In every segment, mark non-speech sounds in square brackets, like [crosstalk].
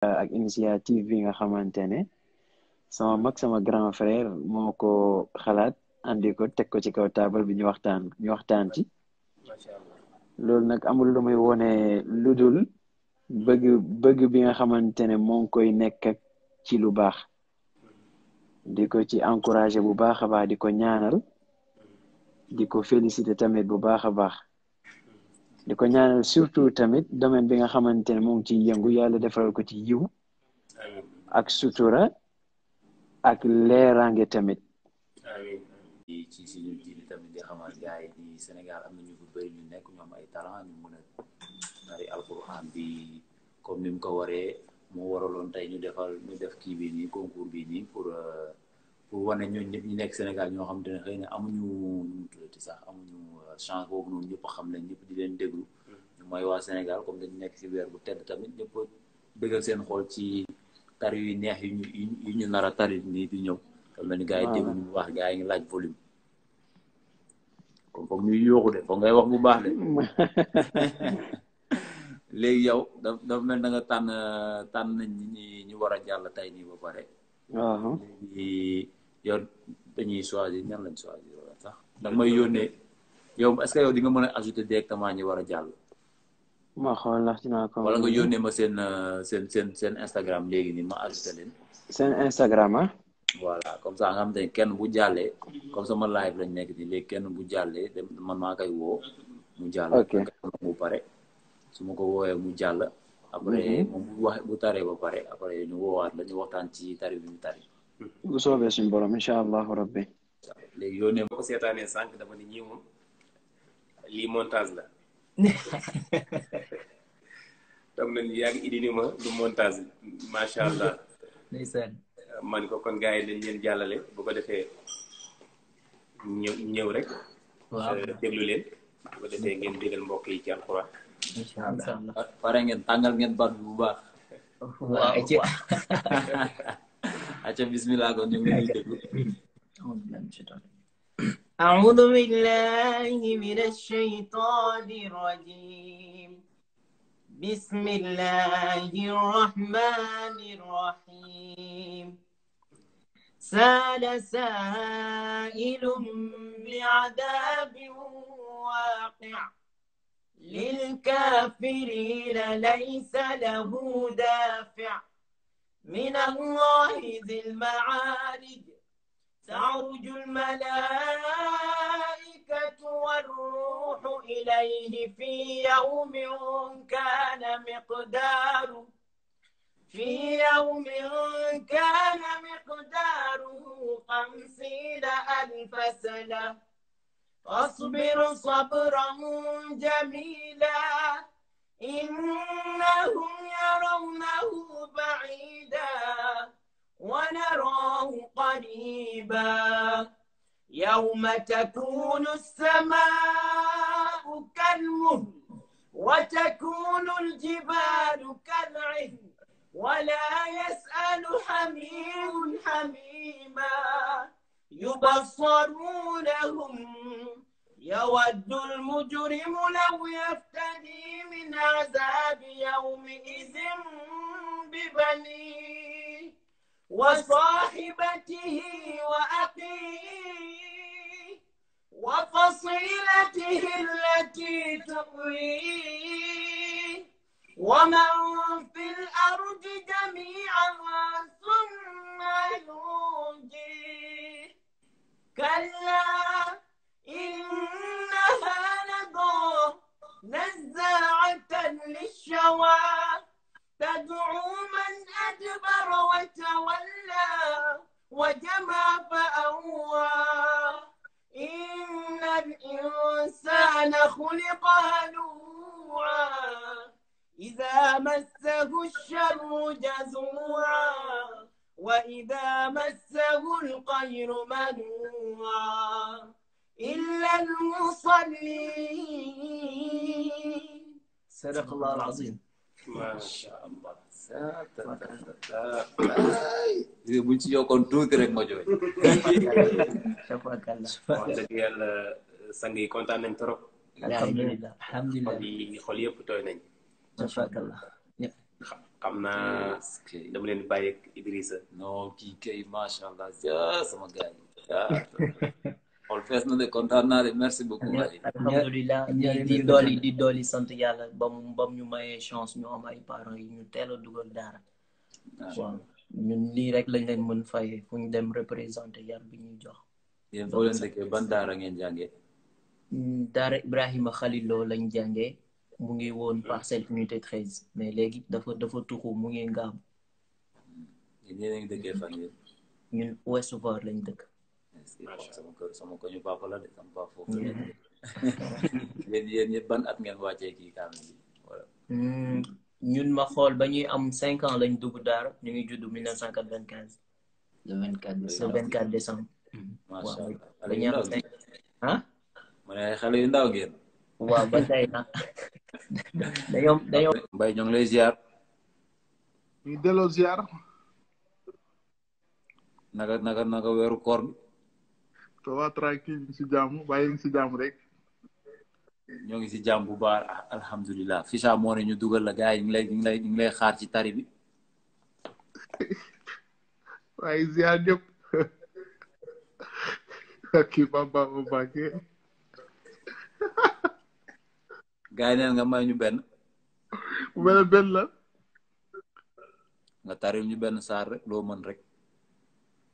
ak initiative bi nga xamante ne sama mag sama grand frère moo ko xalaat andi ko teg ko ci kaw taabal bi ñu waxtaan ñu waxtaan ci loolu nag amul lu muy wone lu dul bëgg bëgg bi nga xamante ne moo ngi koy nekk ci lu baax di ko ci encouragé bu baax a baax di ko ñaanal di ko félicité tamit bu baax a baax di ko ñaanal surtout tamit domaine bi nga xamante ne moom ci yëngu yàlla defaral ko ci yiw ak sutura ak leeraange tamit ci suñu Sénégal am na ñu bëri ñu ñu am ay talent ñu mën ko waree moo waraloon tey ñu defal ñu def kii bi nii concours bi euh, pour wane ñu nekk Sénégal ñoo xam te ne ñu mu sax chance boobu noonu ñëpp xam nañ ñëpp di leen déglu mm-hmm. mooy waa Sénégal comme dañ nekk ci weer bu tedd tamit ñëpp bëggal seen xool ci tar yu neex yi ñu yu ñu nar a tarit nii di ñëw xam na ni gars yi déglu bu baax gars yi laaj volume kon foog de foog ngay wax bu baax de [laughs] léegi yow daf daf mel na nga tànn tànn nañ ñi ñu war a jàll tey nii ba pare léegi yow dañuy choisir ñan choisir wala sax yow est-ce que yow di nga mën a ajouter directement ñi war a jàll. ma xool ndax dinaa ko. wala nga yónnee ma seen euh, seen seen seen Instagram léegi ni ma ajouter leen. seen Instagram ah. voilà comme ça nga te kenn bu jàllee comme sama live lañ nekk nii léegi kenn bu jàllee man maa koy woo. mu jàll ok mu pare su ma ko woowee mu jàll. après moom bu wax bu taree ba pare après ñu woowaat la ñu waxtaan ci tari bi mu tari. bu soobee suñu borom incha allahu rabbi. léegi yow nee ko seetaanee sànq dama ni lii montage la xam [laughs] nañu yaa indi ni ma du montage macha allah. ndeysaan man ko kon gars yi dañ leen jàllale bu ko defee ñëw ñëw rek. waaw euh, déglu leen. bu ko defee ngeen digal mbokk yi ci alxuraan. pare ngeen tàngal ngeen baat bu baax. waaw waaw ayca [laughs] bisimilah kon ñu ngi leen di أعوذ بالله من الشيطان الرجيم بسم الله الرحمن الرحيم سال سائل بعذاب واقع للكافرين ليس له دافع من الله ذي المعارج تعرج الملائكة والروح إليه في يوم كان مقداره في يوم كان مقداره خمسين ألف سنة فاصبر صبرا جميلا إنهم يرونه بعيدا ونراه قريبا يوم تكون السماء كالمهل وتكون الجبال كالعهن ولا يسأل حميم حميما يبصرونهم يود المجرم لو يفتدي من عذاب يومئذ ببنيه وصاحبته وأخيه وفصيلته التي تؤويه ومن في الأرض جميعا ثم ينجيه كلا إنها لظى نزاعة للشوى تدعو من أدبر وتولى وجمع فأوى إن الإنسان خلق هلوعا إذا مسه الشر جزوعا وإذا مسه الخير منوعا إلا المصلين صدق الله العظيم ما شاء الله buñ ci yokkoon tuuti rek ma jooy. wax dëgg yàlla sang yi kontaan nañ trop. alhamdulilah alhamdulilah xol yëpp tooy nañ. xam naa dama leen bàyyi ak Idrissa. non kii kay macha allah sama gars yi [laughs] xool fees na de kontaan naa de merci beaucoup. alhamdulilah di dolli di dolli sant yàlla ba mu ñu mayee chance ñu am ay parents yi ñu teel a dugal daara. waaw ñun nii rek lañ leen mën fayee fu ñu dem représenter yar bi ñuy jox. ban daara ngeen jàngee. Mm, daara Ibrahima Khalil lañ jànge mu ngi woon parcelle unité treize mais léegi dafa dafa tuxu mu ngi ngaam. yéen ñoo ngi dëkkee fan yéen. ñun Ouest Foire lañ dëkk. sama kër sama ko ñu papa la de sama papa foofu la [laughs] yéen yéen ñëpp ban at ngeen wàccee kii kaamil bi voilà hmm, ñun ma xool ba ñuy am cinq ans lañ dugg daara ñu ngi judd mille neuf cent quatre-vingt-quinze le vingt-quatre décembre le vingt-quatre décembre macha allah ah ma ne xale yu ndaw ngeen waaw ba tey na [laughs] dañoo dañoo mbay ñoo ngi lay ziar ñu delloo ziar naka naka naka weeru koor bi ça va tranquille si jàmm bàyyi si jàmm rek. ñoo ngi si jàmm bu baax alhamdulilah Ficha moo ne ñu dugal la gars yi ñu lay xaar ci tari bi. [laughs] waaye ziar ñëpp. [laughs] kii Bamba Bamba kii. [laughs] gars yi neen nga may ñu benn. bu benn benn la. nga taril ñu benn saar rek loo mën rek.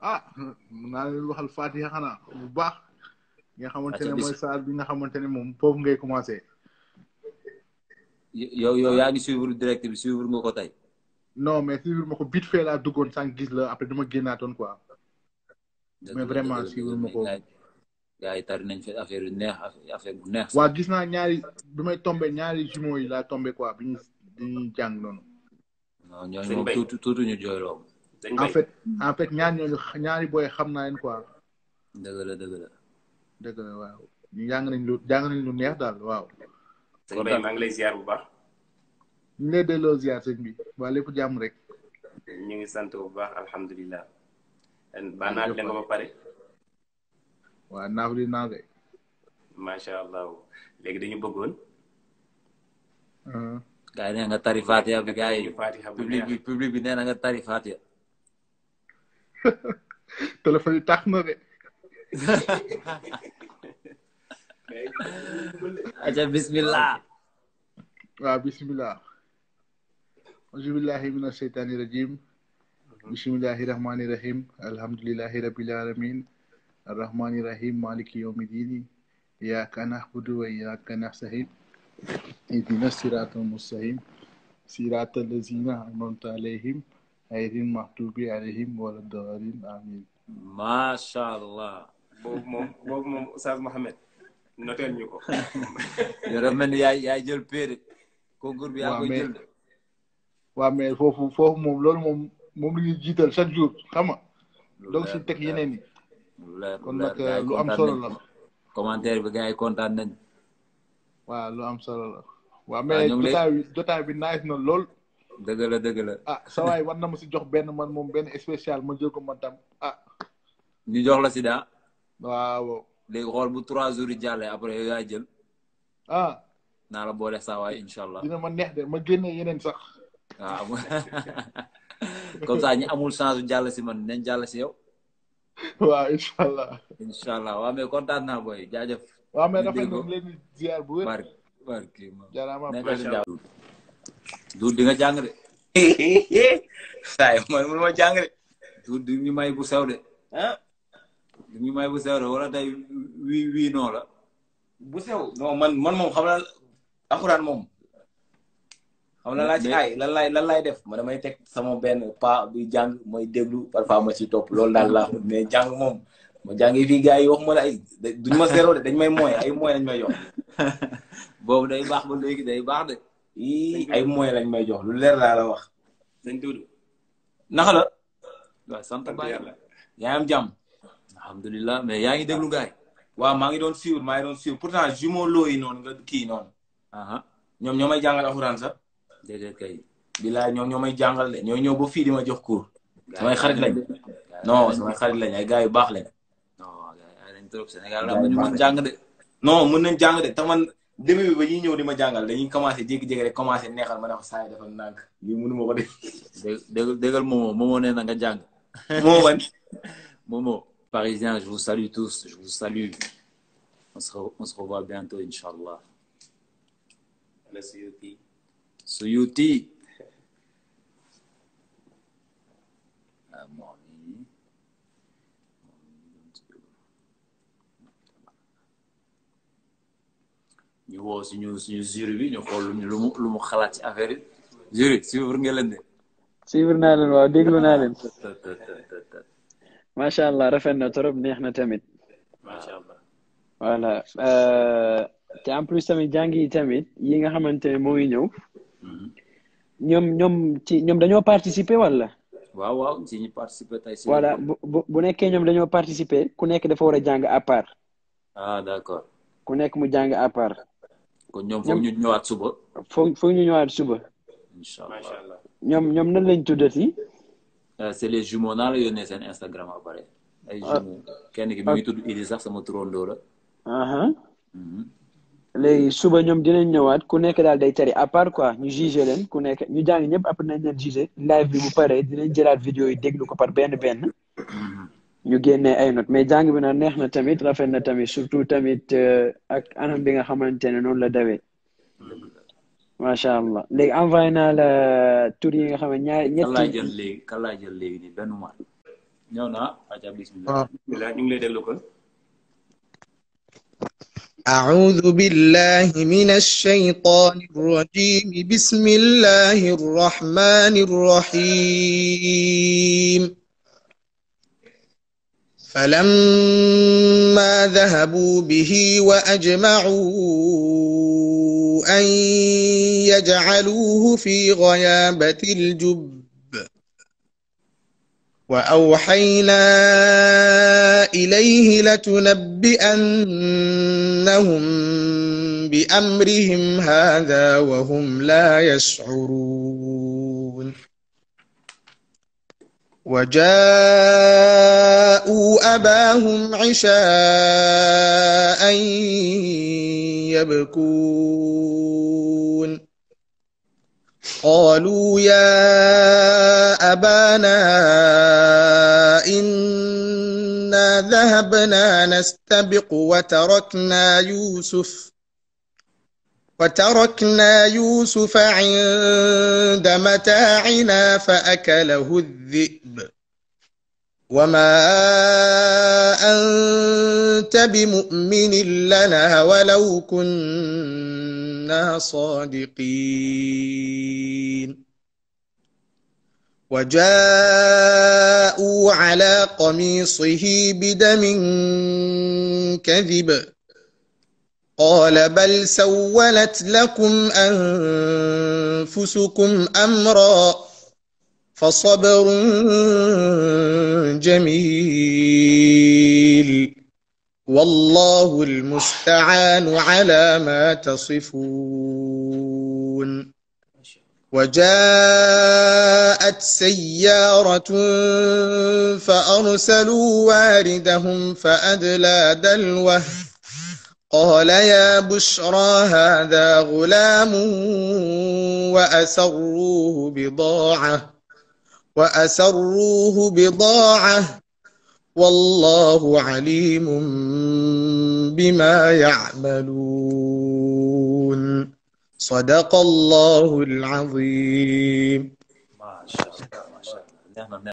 ah mun naa leen waxal Fatiha xanaa bu baax. nga xamante ne mooy bi nga xamante ne moom foofu ngay commencé. yow yow yaa ngi suivre direct bi suivre ko tey. non mais suivre ma ko vite la duggoon sànq gis la après dama génnaatoon quoi. mais vraiment suivre ma ko. gars yi tari nañ fi affaire yu neex affaire bu neex. waa gis naa ñaari bi may tombe ñaari jumeaux yi laa tombé quoi bi ñu bi ñu jàng noonu. non ñooñu moom tuuti en fait en fait ñaari booy xam naa leen quoi. dëgg la dëgg la. dëgg la jàng nañ lu lu neex daal waaw. sëñ Mbaye maa ngi lay ziar bu baax. ñu lay delloo ziar sëñ bi waa lépp jàmm rek. ñu ngi sant bu baax alhamdulilah. ba naafile nga ba pare. waaw naafile naa de. macha allah léegi dañu bëggoon. Ah. gars yi nee nga tari Fatiha bi gars yi public bi public bi nee na nga tari Fatiha. téléphone tax na de. [laughs] aja bismillah. waaw bismillah. auzu billahi min asheytaani rajim. bismillahi rahmaani rahim. alamin. arrahmaani rahim. maliki yawmi diini. iyyaka na'budu wa iyyaka nasta'in. ihdina siraatal mustaqim. siraatal lazina an'amta alayhim. xayrin maxtubi alayhim wala daalin amin macha allah boobu moom boobu moom Oustaz Mohamed noteel ñu ko [laughs] yore mel ni yaay yaay jël péere concours bi yaa koy jël waaw mais foofu foofu moom loolu moom moom la ñuy jiital chaque jour xam nga donc kon nag euh, lu am solo la commentaire bi gars yi kontaan nañ waaw lu am solo la waaw mais jotaay bi jotaay bi nice na lool dëgg la dëgg la. ah sa waay war na ma si jox benn man moom benn spécial ma jël ko man tam ah. ñu jox la sida. waaw. léegi xool bu trois jours yi jàllee après yow jël. ah. naa la boole saa waay incha neex ma génne yeneen sax. waaw ah, [laughs] comme ça ñi amul change jàll si man nañ jàll si yow. waaw incha allah. incha allah waaw mais kontaan naa booy jaajëf. waaw mais rafet na bu wér. barke duut di nga jàng de. [laughs] saa yi jàng de. may bu sew de. ah. bu sew wala tey wii wii non la. bu sew non man man moom xam naa moom. xam naa laa ci ay lan laay lan laay def ma damay teg sama benn pa bi jàng mooy déglu parfois ma ci topp loolu daal laa mais jàng moom ma jàng fii yi waxuma la ay duñ ma zéro de dañ may mooy ay mooy lañ may yokk. [laughs] boobu day baax ba léegi day baax de. ii ay mooy lañ may jox lu leer laa la wax. sëñ Doudou. naka la. waaw sant baay yaa am jàmm. alhamdulilah mais yaa ngi déglu gaay waaw maa ngi doon suivre maa ngi doon suivre pourtant jumeau loo yi noonu nga kii noonu. ñoom ñoo may jàngal alxuraan sax. déedéet kay. bilaay ñoom ñoo may jàngal de ñoo ñëw ba fii di ma jox cours. samay xarit lañ. non samay xarit lañ ay gars yu baax le non gars yi de. non mën nañ jàng de te début bi ba ñuy ñëw di ma jàngal dañuy commencé jékki-jékki rek commencé neexal ma ne ko dafa nànk lii mënu ma ko def. dégg déggal Momo Momo nee na nga jàng. Momo ban. [laughs] Momo. Parisiens, je vous salue tous je vous salue. on se on se revoit bientôt incha allah. wala Suyuti. [laughs] ah ñu woo suñu suñu jury bi ñu xool lu mu lu mu xalaat si affaire yi jury suivre nga leen de. suivre naa leen waaw déglu naa leen. [laughs] macha allah rafet na trop neex na tamit. macha allah. voilà euh, te en plus tamit jàng yi tamit yi nga xamante ne mooy ñëw. Mm-hmm. ñoom ñoom ci ñoom dañoo participer wala. waaw waaw ci ñi participer tey si. voilà bu bu nekkee ñoom dañoo participer ku nekk dafa war a jàng à part. ah d'accord. ku nekk mu jàng à part. kon ñoom foog ñu ñëwaat suba. foog foog ñu ñëwaat suba. incha allah ñoom ñoom na lañ tuddati. Euh, c'est les jumeaux naa la yónnee seen Instagram à pare. ay ah. jumeaux kenn ki mi ngi tudd Idi sax sama turandoo la. Mhm. léegi suba ñoom dinañ ñëwaat ku nekk daal day tari à part quoi ñu jugé leen ku nekk ñu jàng ñëpp après nañ leen jugé live bi bu paree dinañ jëlaat vidéo yi déglu ko par benn benn. Mhm. ñu génnee ay notes mais jàng bi nag neex na tamit rafet na tamit surtout tamit euh, ak anam bi nga xamante ne noonu la dawee macha allah léegi envoyé naa la euh, tur yi nga xam ne ñaar ñetti. kan laa jël léegi kan laa jël léegi nii benn mois. ñëw naa. Ah. bismillah ñu ngi lay déglu kon. أعوذ بالله من الشيطان الرجيم بسم الله الرحمن الرحيم فلما ذهبوا به واجمعوا ان يجعلوه في غيابه الجب واوحينا اليه لتنبئنهم بامرهم هذا وهم لا يشعرون وجاءوا أباهم عشاء يبكون قالوا يا أبانا إنا ذهبنا نستبق وتركنا يوسف وتركنا يوسف عند متاعنا فأكله الذئب وما أنت بمؤمن لنا ولو كنا صادقين وجاءوا على قميصه بدم كذب قال بل سولت لكم أنفسكم أمرا فصبر جميل والله المستعان على ما تصفون وجاءت سيارة فأرسلوا واردهم فأدلى دلوه قال يا بشرى هذا غلام وأسروه بضاعة وأسروه بضاعة والله عليم بما يعملون صدق الله العظيم ما شاء الله ما شاء الله